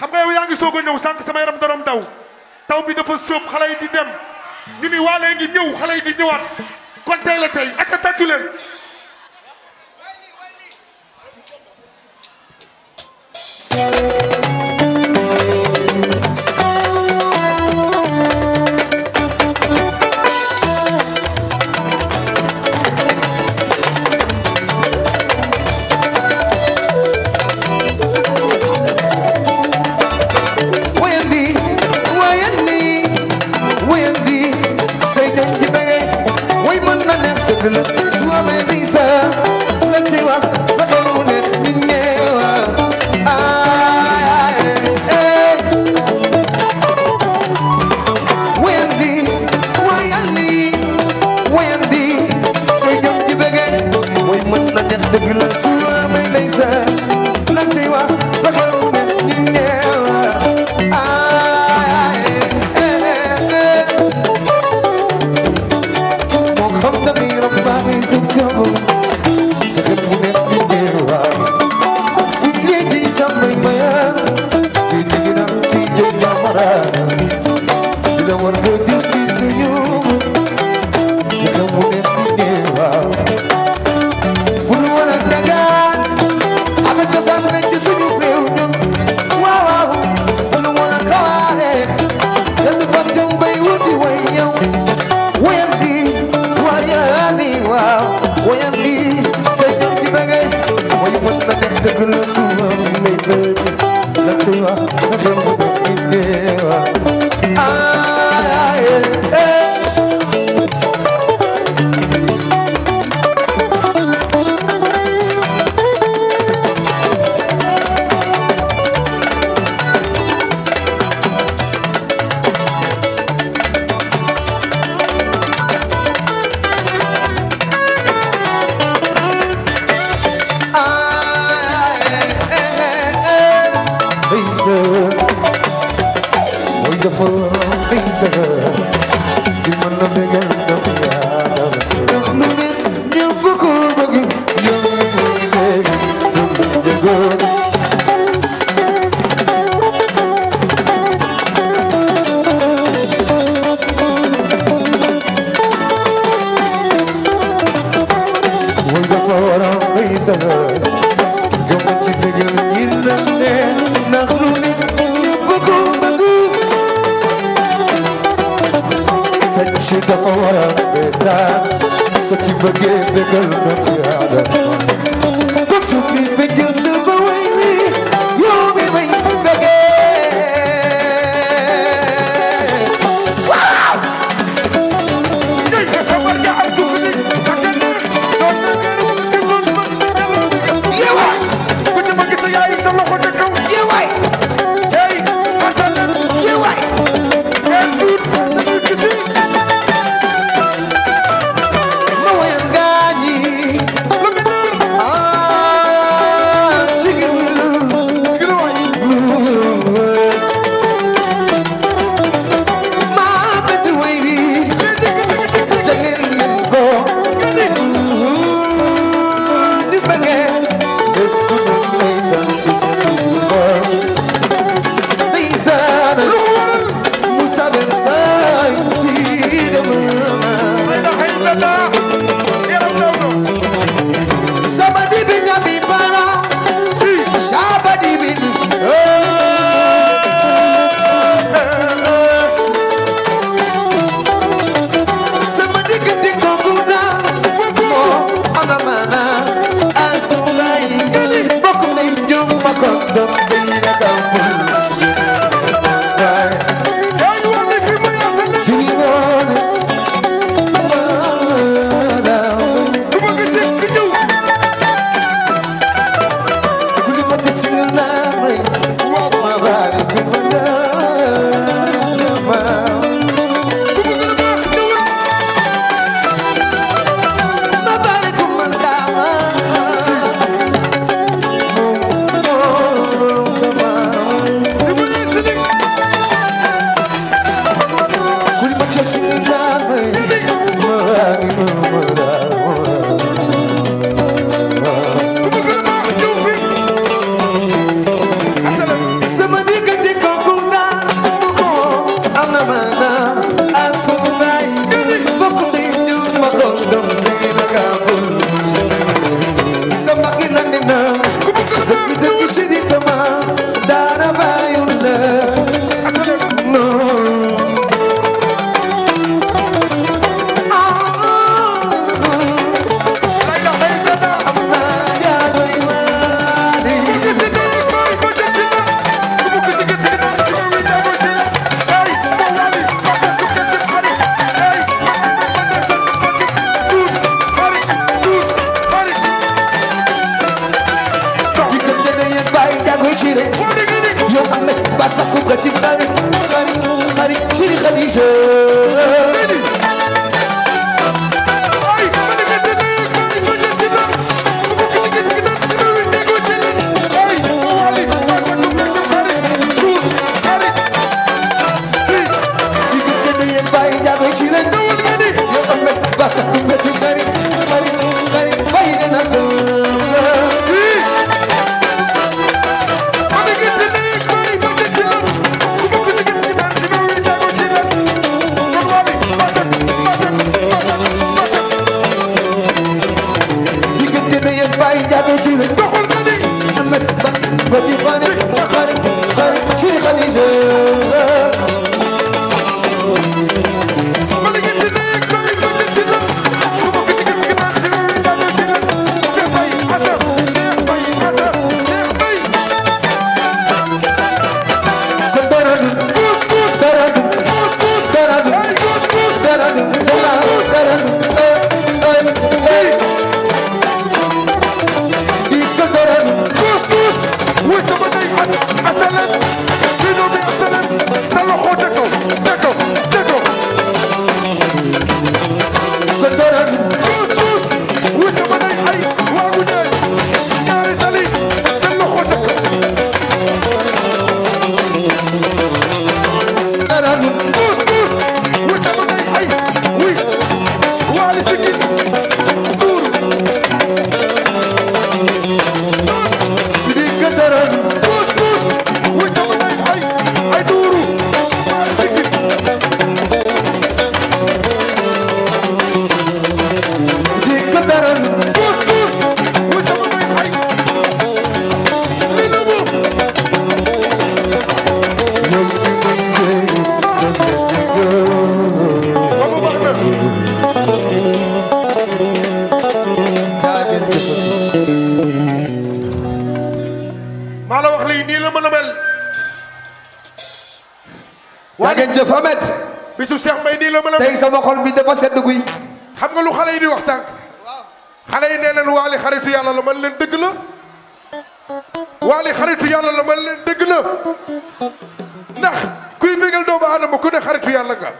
xam nga yow yaa ngi soog a ñëw sànq sama yaram dorom daw taw bi dafa sóob xale yi di dem ñu ni waalee ngi ñëw xale di ñëwaat kon tey la tey a tàccu leen Thank you. When you get si nu bi asalam sa loxo ca kaw yaa ngeen jëf Amet bisu Cheikh Mbaye nii la ma la tey sama xol bi dafa sedd guy xam nga lu xale yi di wax sànq xale yi nee leen waali xaritu yàlla la man leen dëgg la waali xaritu yàlla la man leen dëgg la ndax kuy bégal doomu aadama ku ne xaritu yàlla nga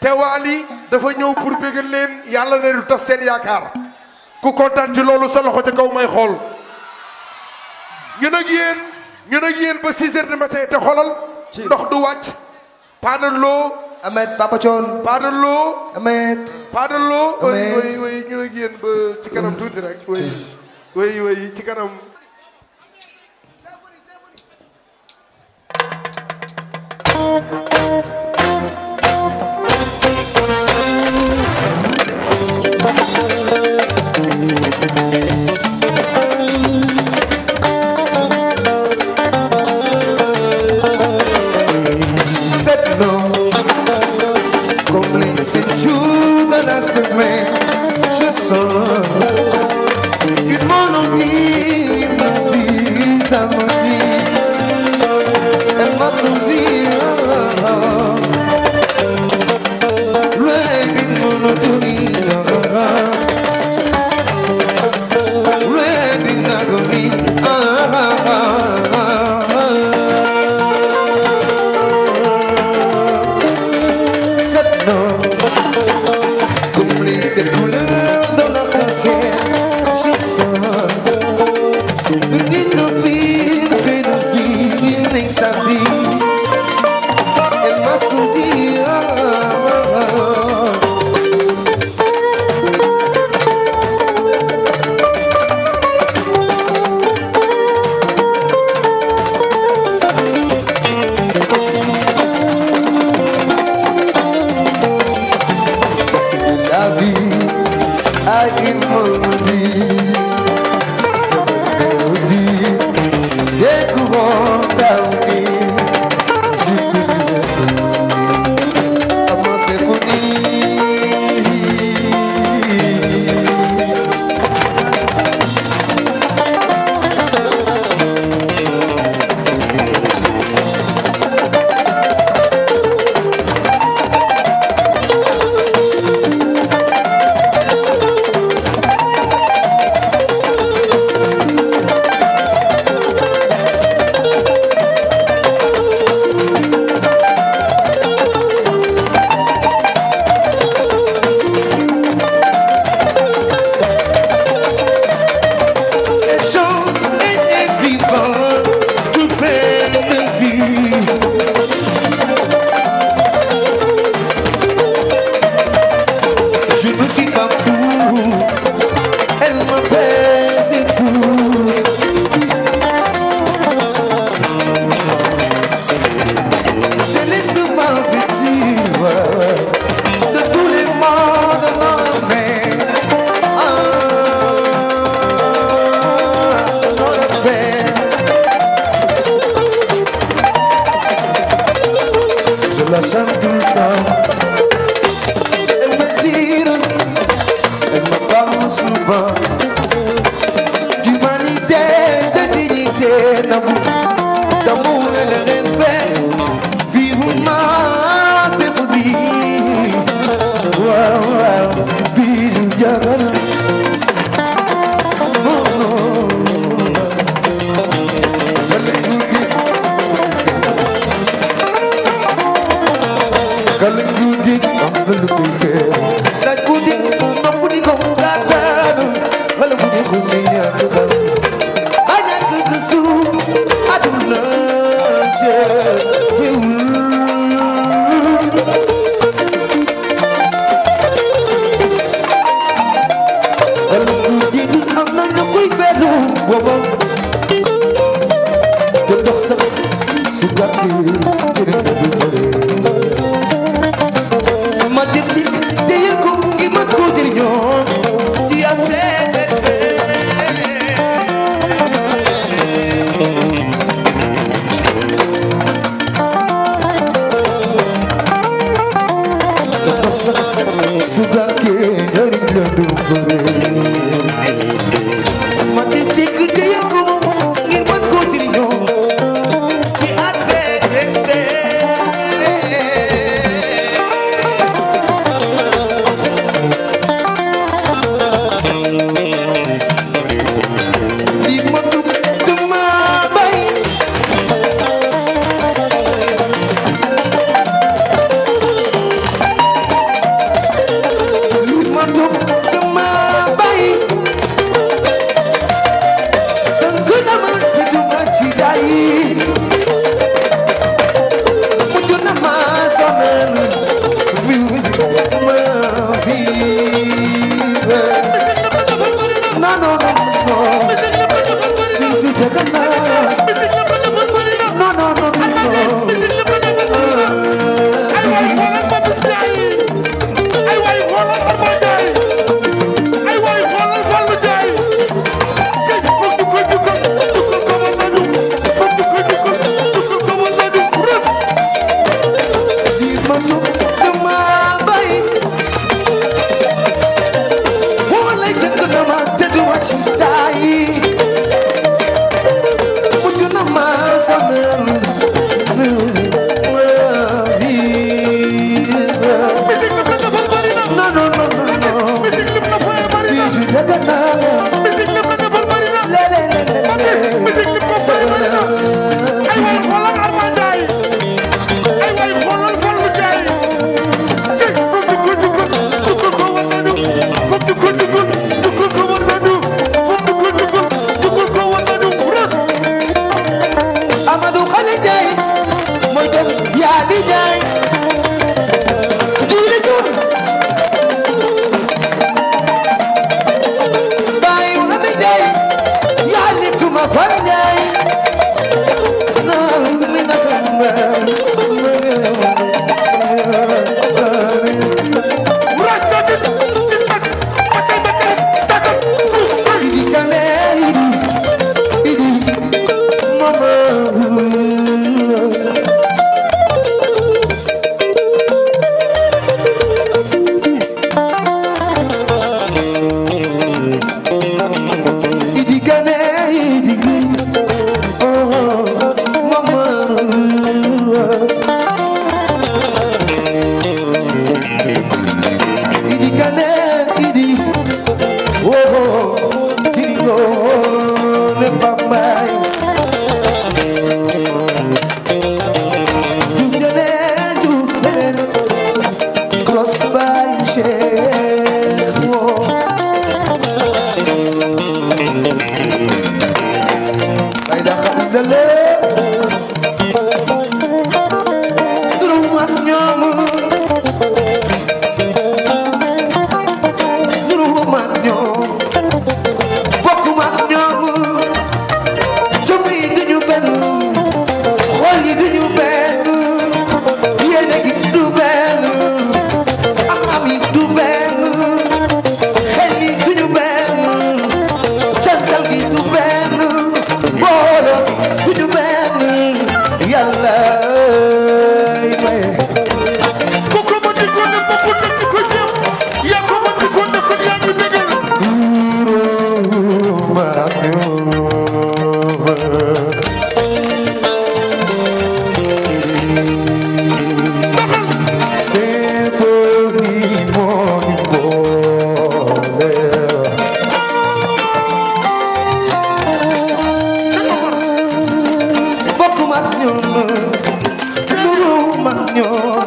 te waali dafa ñëw pour bégal leen yàlla ne du tas seen yaakaar ku kontaan ci loolu sa loxo ca kaw may xool ñun ak yéen ñun ak yéen ba 6 heures du matin te xolal ndox du wàcc paadal loo amet papa coon paadal loo amet paadal loo way way ñu ne yéen ba ci kanam tuuti rek way way ci kanam ñoo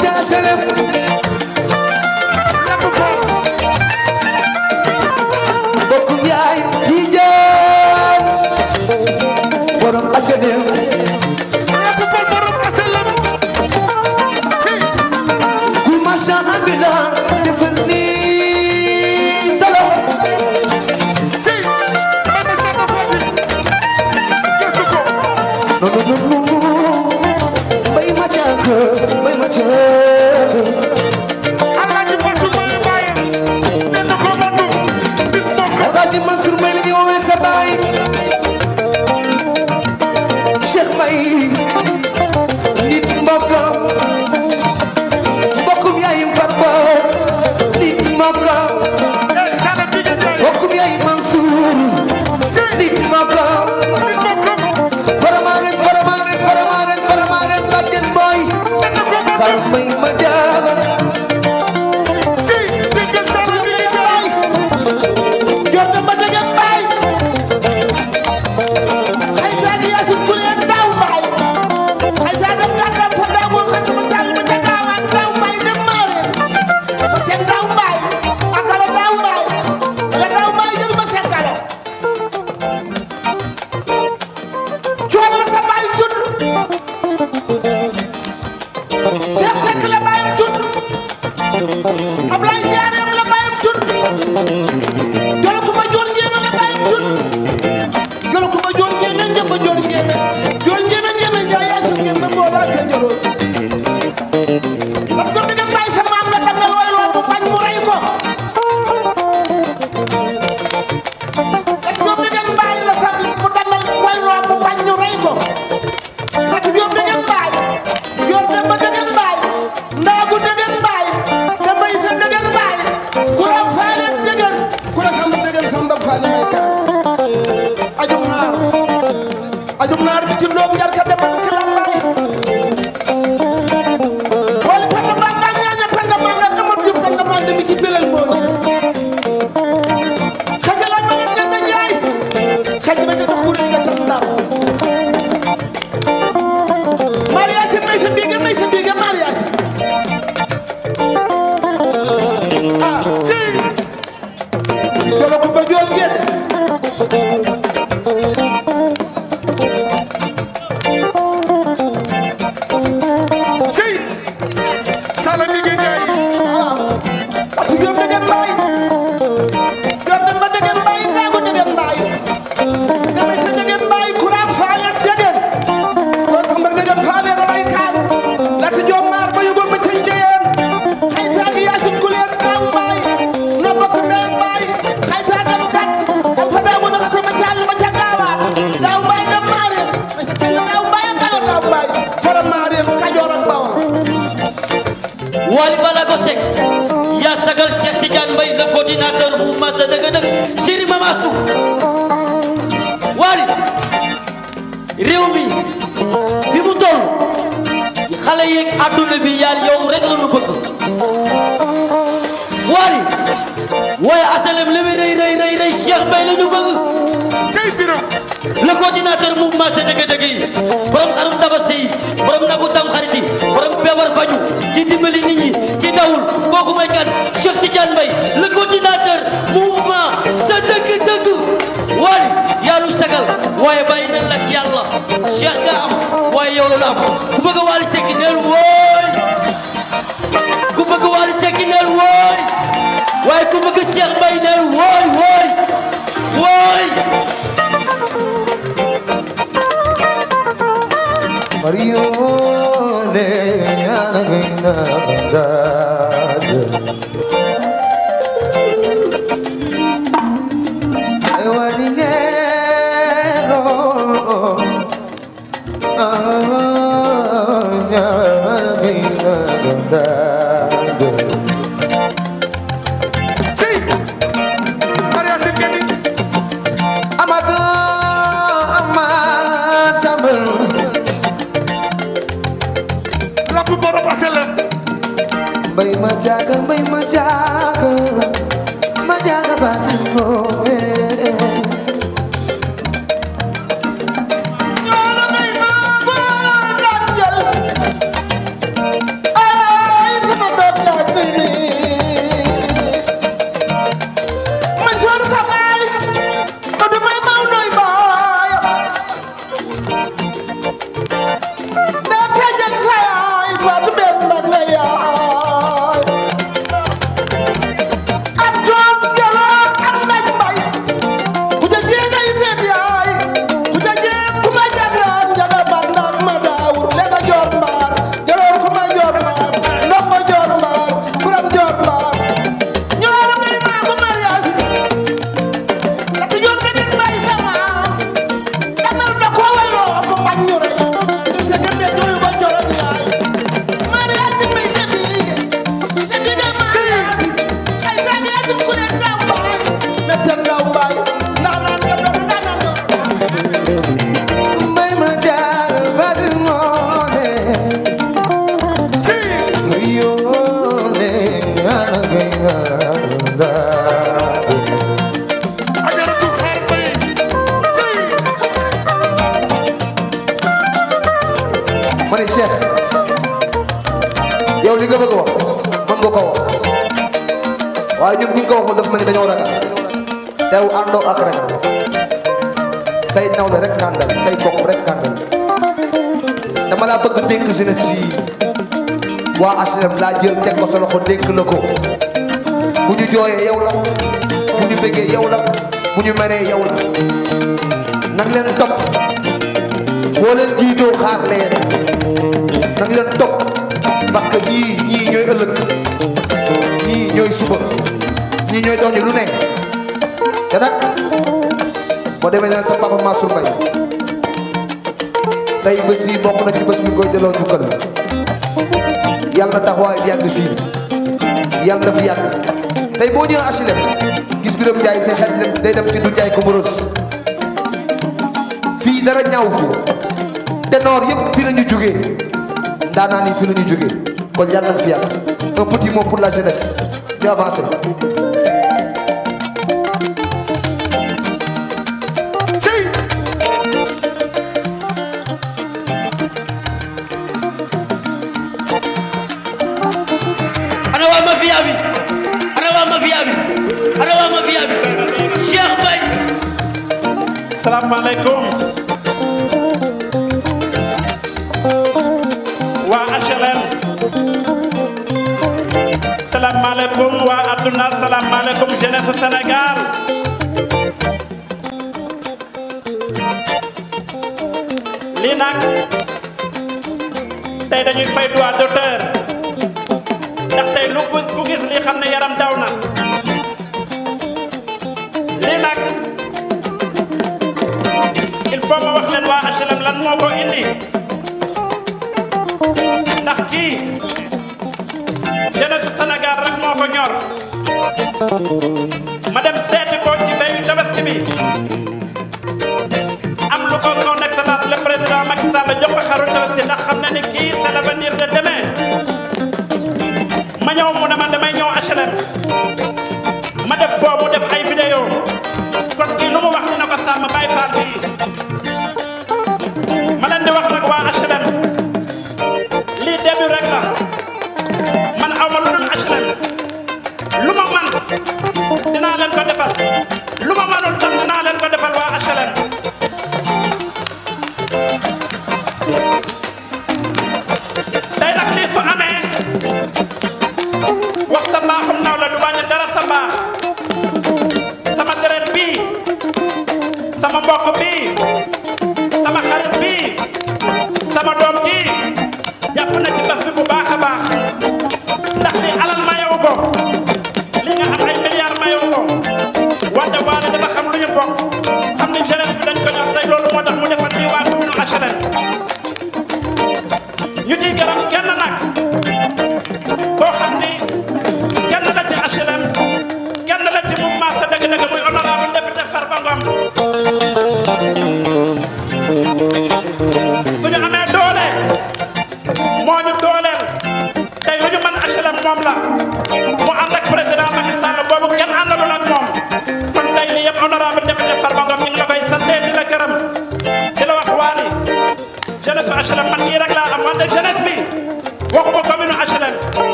Shashanam karmai maja lamb ku bëgg Wally Seck neel wooy ku bëgg Wally Seck neel wooy waaye ku bëgg Cheikh Mbaye neel wooy wooy wooy Mario le ñaan gëna nekk jeunesse bii waa HLM laa jël teg ko loxo dénk la ko bu ñu jooyee yow la bu ñu bëggee yow la bu ñu meree yow la nag leen topp boo leen jiitoo xaar leen nag leen topp parce que ñii ñii ñooy ëllëg ñii ñooy suba ñii ñooy doon lu ne te nag boo demee neen sa papa Mansour Mbaye tey bés bi bokk na ci bés bi koy delloo njukkal yàlla na taxawaay bi yàgg fii yàlla na fi yàgg tey boo ñëwee HLM gis biram Ndiaye say xel day dem ci du Ndiaye ko moros fii dara ñaaw fi ténor yëpp fi la ñu jugee ndaanaan yi fi la ñu jugee kon yàlla na fi yàgg un petit mot pour la jeunesse ñu avancer. Assalamualaikum wa HLM Assalamualaikum waa adduna salaamaaleykum jeunesse Sénégal lii nag tey dañuy fay droit d'auteur ndax tey lu ku gis li xam ne yaram daw moo ko indi ndax kii jeunesse Sénégal rek moo ko ñor ma dem seeti ko ci béyu tabaski bi am lu ko son excellence le président Macky Sall jox ko xaru tabaski ndax xam na ni kii c'est l'avenir de demain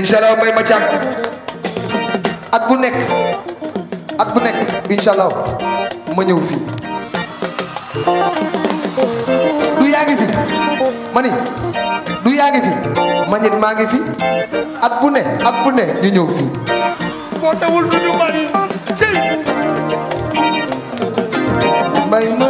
incha bay ma càkk at bu nekk at bu nekk incha ma ñëw fii du maa ngi fi at bu ne bu ne ñu ñëw